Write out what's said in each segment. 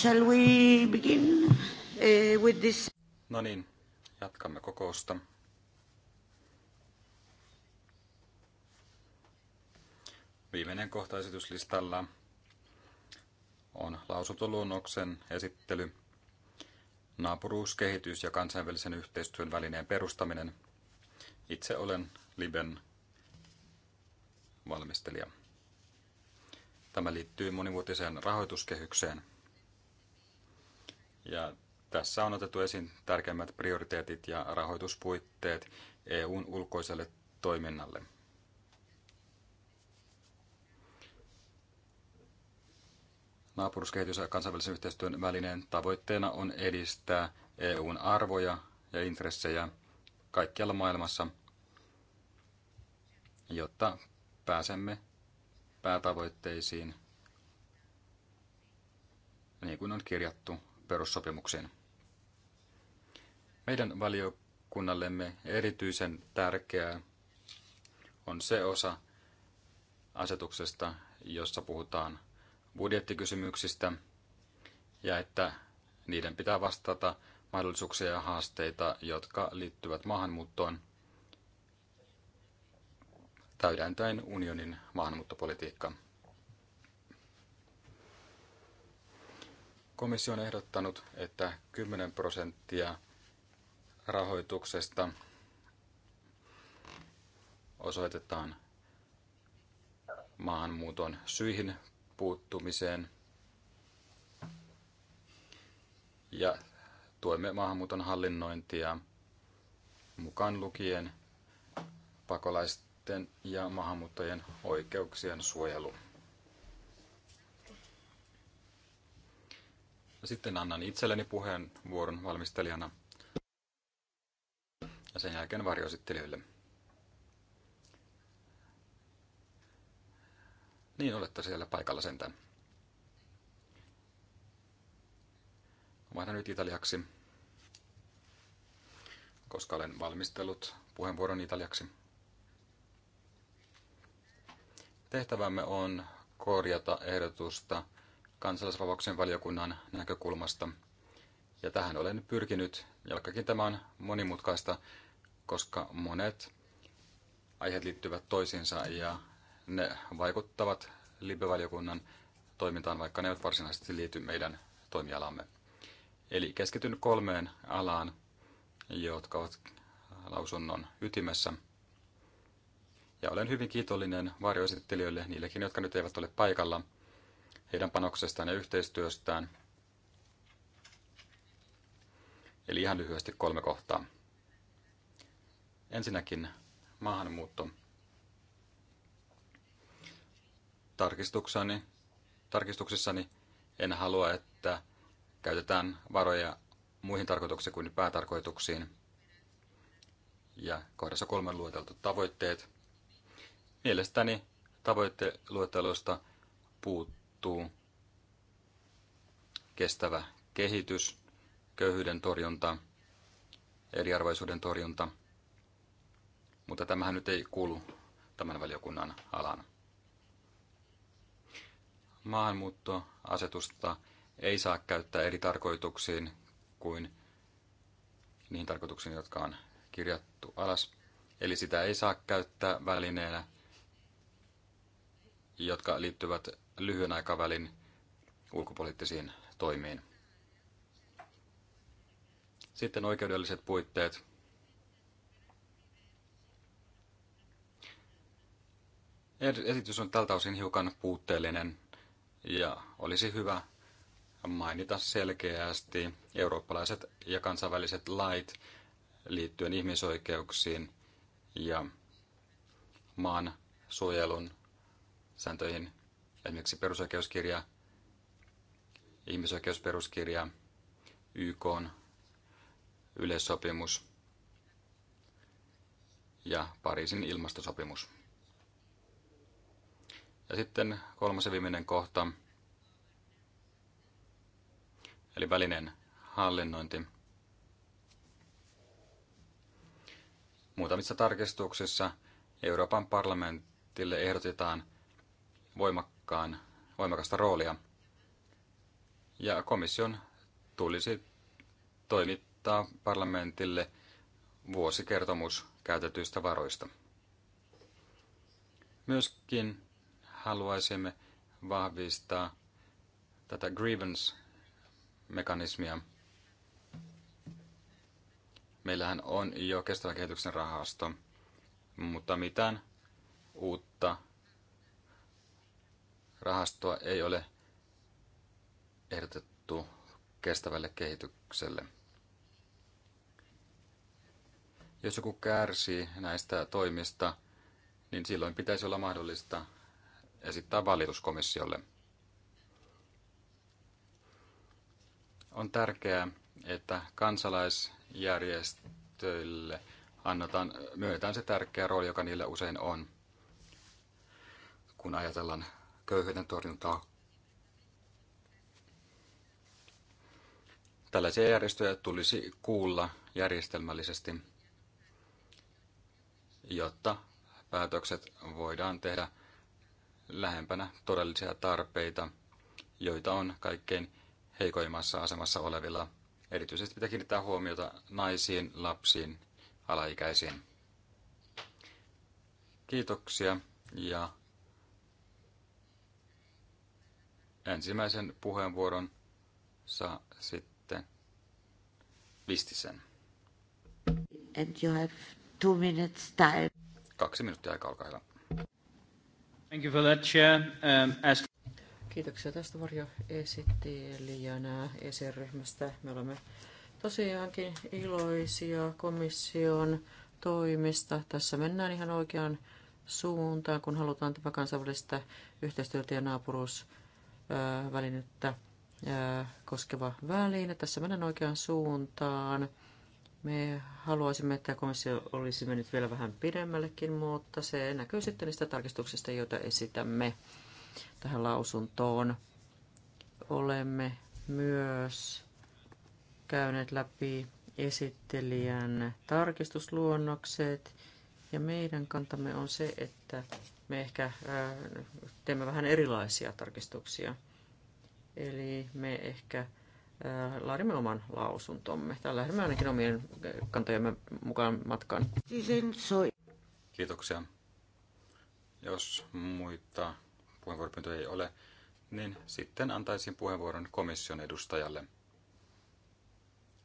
Shall we begin uh, with this? No niin, jatkamme kokousta. Viimeinen kohta esityslistalla on lausuntoluonnoksen esittely, naapuruuskehitys kehitys ja kansainvälisen yhteistyön välineen perustaminen. Itse olen Liben valmistelija. Tämä liittyy monivuotiseen rahoituskehykseen – ja tässä on otettu esiin tärkeimmät prioriteetit ja rahoituspuitteet EUn ulkoiselle toiminnalle. Naapuruskehitys- ja kansainvälisen yhteistyön välineen tavoitteena on edistää EUn arvoja ja intressejä kaikkialla maailmassa, jotta pääsemme päätavoitteisiin, niin kuin on kirjattu perussopimuksiin. Meidän valiokunnallemme erityisen tärkeää on se osa asetuksesta, jossa puhutaan budjettikysymyksistä ja että niiden pitää vastata mahdollisuuksia ja haasteita, jotka liittyvät maahanmuuttoon täydentäen unionin maahanmuuttopolitiikkaa. Komissio on ehdottanut, että 10 prosenttia rahoituksesta osoitetaan maahanmuuton syihin puuttumiseen ja tuemme maahanmuuton hallinnointia mukaan lukien pakolaisten ja maahanmuuttajien oikeuksien suojelu. Sitten annan itselleni puheenvuoron valmistelijana ja sen jälkeen varjoesittelijöille. Niin, olette siellä paikalla sentään. Vaihdan nyt italiaksi, koska olen valmistellut puheenvuoron italiaksi. Tehtävämme on korjata ehdotusta kansalaisvapauksien valiokunnan näkökulmasta. Ja tähän olen pyrkinyt, jalkakin tämä on monimutkaista, koska monet aiheet liittyvät toisiinsa ja ne vaikuttavat libevaliokunnan toimintaan, vaikka ne eivät varsinaisesti liity meidän toimialamme. Eli keskityn kolmeen alaan, jotka ovat lausunnon ytimessä. Ja olen hyvin kiitollinen varjoesittelijöille, niillekin, jotka nyt eivät ole paikalla – heidän panoksestaan ja yhteistyöstään. Eli ihan lyhyesti kolme kohtaa. Ensinnäkin maahanmuutto. Tarkistuksani, tarkistuksissani en halua, että käytetään varoja muihin tarkoituksiin kuin päätarkoituksiin. Ja kohdassa kolmen lueteltu tavoitteet. Mielestäni tavoitteluettelosta puuttuu puuttuu kestävä kehitys, köyhyyden torjunta, eriarvoisuuden torjunta, mutta tämähän nyt ei kuulu tämän valiokunnan alan. Maahanmuuttoasetusta ei saa käyttää eri tarkoituksiin kuin niihin tarkoituksiin, jotka on kirjattu alas. Eli sitä ei saa käyttää välineenä jotka liittyvät lyhyen aikavälin ulkopoliittisiin toimiin. Sitten oikeudelliset puitteet. Esitys on tältä osin hiukan puutteellinen ja olisi hyvä mainita selkeästi eurooppalaiset ja kansainväliset lait liittyen ihmisoikeuksiin ja maan suojelun sääntöihin, esimerkiksi perusoikeuskirja, ihmisoikeusperuskirja, YK yleissopimus ja Pariisin ilmastosopimus. Ja sitten kolmas ja viimeinen kohta, eli välinen hallinnointi. Muutamissa tarkistuksissa Euroopan parlamentille ehdotetaan – voimakkaan, voimakasta roolia. Ja komission tulisi toimittaa parlamentille vuosikertomus käytetyistä varoista. Myöskin haluaisimme vahvistaa tätä grievance-mekanismia. Meillähän on jo kestävän kehityksen rahasto, mutta mitään uutta rahastoa ei ole ehdotettu kestävälle kehitykselle. Jos joku kärsii näistä toimista, niin silloin pitäisi olla mahdollista esittää valituskomissiolle. On tärkeää, että kansalaisjärjestöille annetaan, myönnetään se tärkeä rooli, joka niille usein on, kun ajatellaan köyhyyden torjuntaa. Tällaisia järjestöjä tulisi kuulla järjestelmällisesti, jotta päätökset voidaan tehdä lähempänä todellisia tarpeita, joita on kaikkein heikoimmassa asemassa olevilla. Erityisesti pitää kiinnittää huomiota naisiin, lapsiin, alaikäisiin. Kiitoksia ja ensimmäisen puheenvuoron saa sitten Vistisen. And you have two minutes time. Kaksi minuuttia aikaa, olkaa hyvä. Thank you for that, Chair. Um, as... Kiitoksia tästä varjoesittelijänä ESE-ryhmästä. Me olemme tosiaankin iloisia komission toimista. Tässä mennään ihan oikeaan suuntaan, kun halutaan tämä kansainvälistä yhteistyötä ja naapuruus välinettä koskeva väline. Tässä mennään oikeaan suuntaan. Me haluaisimme, että komissio olisi mennyt vielä vähän pidemmällekin, mutta se näkyy sitten niistä tarkistuksista, joita esitämme tähän lausuntoon. Olemme myös käyneet läpi esittelijän tarkistusluonnokset ja meidän kantamme on se, että me ehkä teemme vähän erilaisia tarkistuksia. Eli me ehkä laadimme oman lausuntomme. täällä lähdemme ainakin omien kantojemme mukaan matkaan. Kiitoksia. Jos muita puheenvuoropyyntöjä ei ole, niin sitten antaisin puheenvuoron komission edustajalle.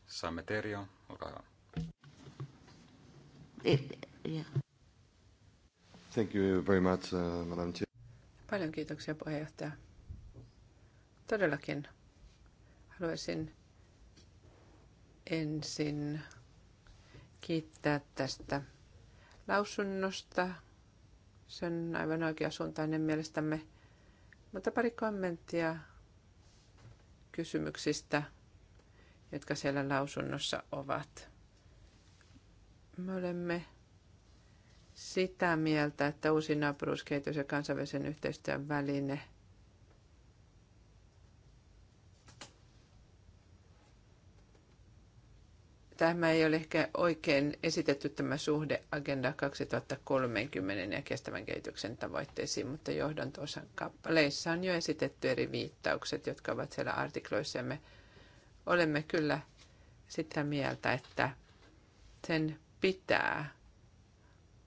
Saamme Terjo, olkaa hyvä. Eh, eh, Thank you very much, uh, Madam Chair. Paljon kiitoksia puheenjohtaja. Todellakin haluaisin ensin kiittää tästä lausunnosta. Se on aivan oikeasuuntainen mielestämme. Mutta pari kommenttia kysymyksistä, jotka siellä lausunnossa ovat. Me olemme sitä mieltä, että uusi naapuruuskehitys ja kansainvälisen yhteistyön väline Tämä ei ole ehkä oikein esitetty tämä suhde Agenda 2030 ja kestävän kehityksen tavoitteisiin, mutta johdon tuossa kappaleissa on jo esitetty eri viittaukset, jotka ovat siellä artikloissa. me olemme kyllä sitä mieltä, että sen pitää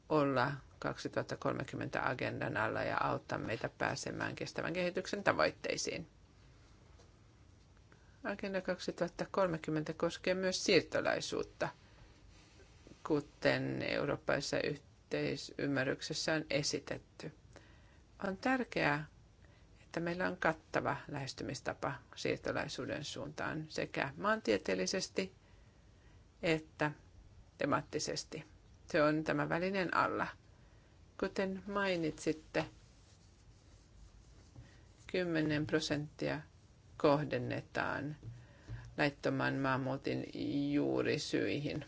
olla 2030 agendan alla ja auttaa meitä pääsemään kestävän kehityksen tavoitteisiin. Agenda 2030 koskee myös siirtolaisuutta, kuten eurooppalaisessa yhteisymmärryksessä on esitetty. On tärkeää, että meillä on kattava lähestymistapa siirtolaisuuden suuntaan sekä maantieteellisesti että temaattisesti se on tämä välinen alla. Kuten mainitsitte, 10 prosenttia kohdennetaan laittoman maamuutin juurisyihin.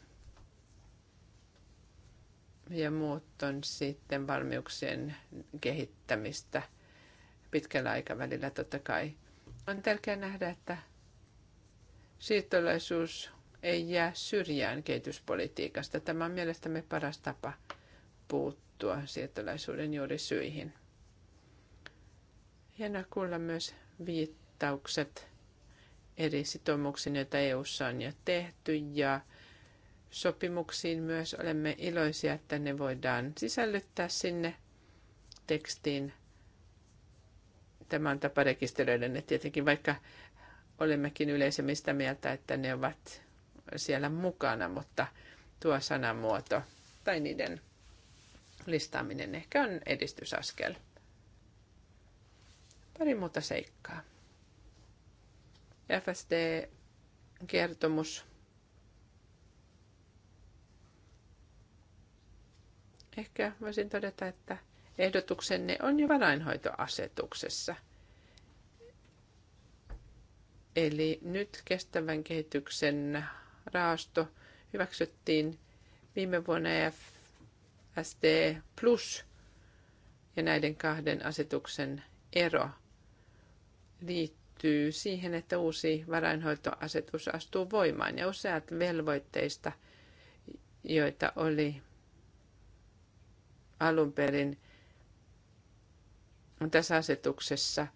Ja muut on sitten valmiuksien kehittämistä pitkällä aikavälillä totta kai. On tärkeää nähdä, että siirtolaisuus ei jää syrjään kehityspolitiikasta. Tämä on mielestämme paras tapa puuttua siirtolaisuuden juurisyihin. Hienoa kuulla myös viittaukset eri sitoumuksiin, joita EU:ssa on jo tehty ja sopimuksiin myös olemme iloisia, että ne voidaan sisällyttää sinne tekstiin. Tämä on tapa rekisteröidä ne tietenkin, vaikka olemmekin yleisemmin mieltä, että ne ovat siellä mukana, mutta tuo sanamuoto tai niiden listaaminen ehkä on edistysaskel. Pari muuta seikkaa. FSD-kertomus. Ehkä voisin todeta, että ehdotuksenne on jo varainhoitoasetuksessa. Eli nyt kestävän kehityksen rahasto hyväksyttiin viime vuonna FSD Plus ja näiden kahden asetuksen ero liittyy siihen, että uusi varainhoitoasetus astuu voimaan ja useat velvoitteista, joita oli alun perin tässä asetuksessa,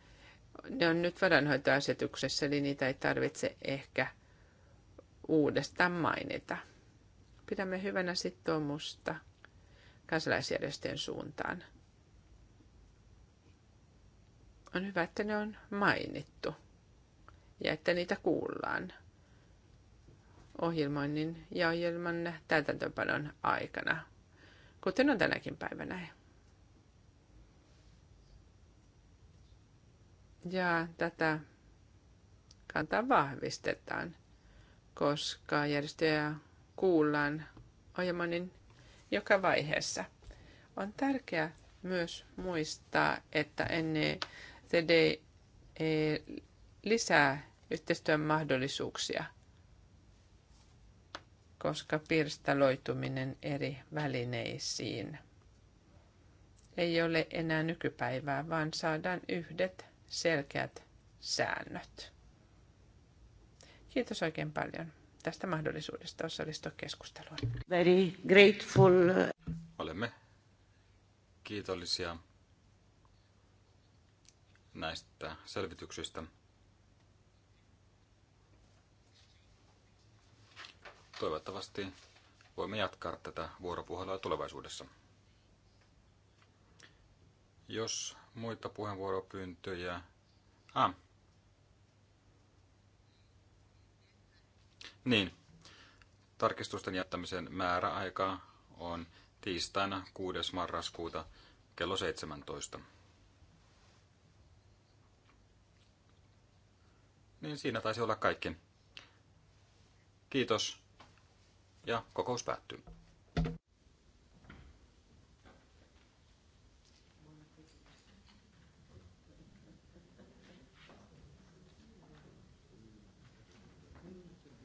ne on nyt varainhoitoasetuksessa, eli niitä ei tarvitse ehkä – uudestaan mainita. Pidämme hyvänä sitoumusta kansalaisjärjestöjen suuntaan. On hyvä, että ne on mainittu ja että niitä kuullaan ohjelmoinnin ja ohjelman täytäntöpanon aikana, kuten on tänäkin päivänä. Ja tätä kantaa vahvistetaan koska järjestöjä kuullaan ohjelmanin joka vaiheessa. On tärkeää myös muistaa, että NECD e lisää yhteistyön mahdollisuuksia, koska pirstaloituminen eri välineisiin ei ole enää nykypäivää, vaan saadaan yhdet selkeät säännöt. Kiitos oikein paljon tästä mahdollisuudesta osallistua keskusteluun. Very grateful. Olemme kiitollisia näistä selvityksistä. Toivottavasti voimme jatkaa tätä vuoropuhelua tulevaisuudessa. Jos muita puheenvuoropyyntöjä... Ah, Niin, tarkistusten jättämisen määräaika on tiistaina 6. marraskuuta kello 17. Niin siinä taisi olla kaikki. Kiitos ja kokous päättyy.